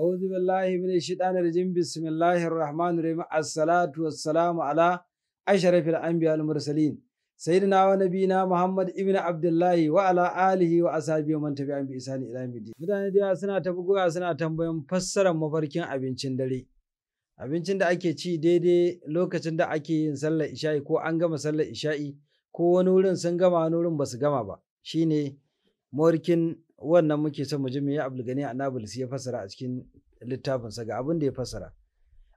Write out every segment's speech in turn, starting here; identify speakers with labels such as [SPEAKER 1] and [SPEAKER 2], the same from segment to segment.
[SPEAKER 1] أعوذ بالله من الشيطان الرجيم بسم الله الرحمن الرحيم الصلاة والسلام على أشرف الأنبياء المرسلين سيدنا ونبينا محمد ابن عبد الله وعلى آله وأصحابه ومن تبعهم بإحسان إلى يوم الدين mutane da suna ta bugowa suna tambayan fassarar mafarkin abincin dare abincin da ake ci daidai lokacin da ake yin sallar isha'i ko an gama sallar isha'i ko wani wurin sun gama wani wurin ba su gama ba shine mawarkin wannan muke son mu ji me Abdul Gani Annabulsi ya fasara a cikin littafinsa ga abin da ya fasara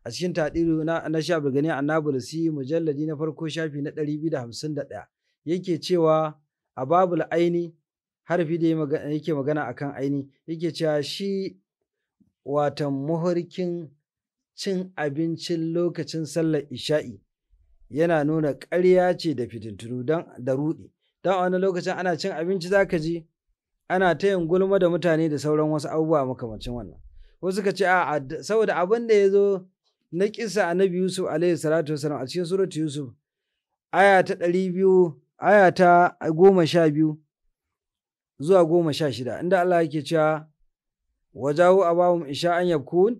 [SPEAKER 1] a cikin tadiru na na sha Abdul Gani Annabulsi mujalladi na farko shafi na 251 yake cewa a babul aini harfi da yake magana akan aini yake cewa shi watan muhurkin cin abincin lokacin sallar isha'i yana nuna ƙarya ce da fitintunu don da ruɗi don a wani lokacin ana cin abinci za ka ji ana ta yin gulma da mutane da sauran wasu abubuwa makamancin wannan wasu suka ce a saboda abin da ya zo na kisa annabi yusuf alaihi salatu wasalam a cikin suratu yusuf aya ta ɗari biyu aya ta goma sha biyu zuwa goma sha shida inda allah yake cewa wajahu abahum isha an yabkun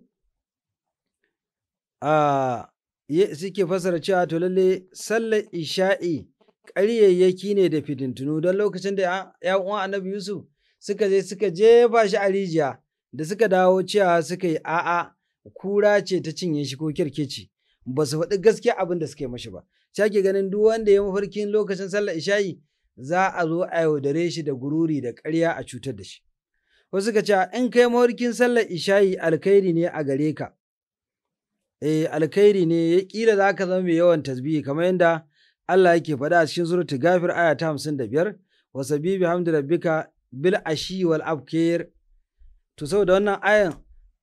[SPEAKER 1] suke fasara cewa to lalle sallar isha'i ƙaryayyaki ne da fitintunu don lokacin da ya uwan annabi yusuf suka je suka jefa shi a rijiya da suka dawo cewa suka yi a'a kura ce ta cinye shi ko kirkici ba su faɗi gaskiya abin da suka yi mashi ba shake ganin duk wanda ya mafarkin lokacin sallar isha'i za a zo a yaudare shi da gururi da ƙarya a cutar da shi wasu suka ce in kai mafarkin sallar isha'i alkhairi ne a gare ka eh alkhairi ne ya kila za ka zama mai yawan tasbihi kamar yadda Allah yake faɗa a cikin suratul gafir aya ta 55 wa sabibi hamdu rabbika bil ashi wal abkir to saboda wannan ayan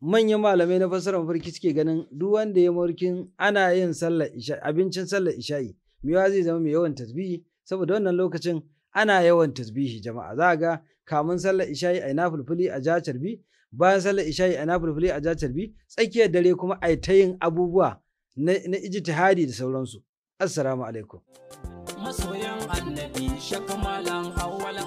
[SPEAKER 1] manyan malamai na fassara mafarki suke ganin duk wanda ya mafarkin ana yin sallar abincin sallar isha'i miwa zai zama mai yawan tasbihi saboda wannan lokacin ana yawan tasbihi jama'a za ga kamun sallar isha'i a ina fulfuli a ja carbi bayan sallar isha'i a ina fulfuli a ja carbi tsakiyar dare kuma a ta yin abubuwa na, na ijtihadi da sauransu assalamu alaikum masoyan annabi shakamalan awwal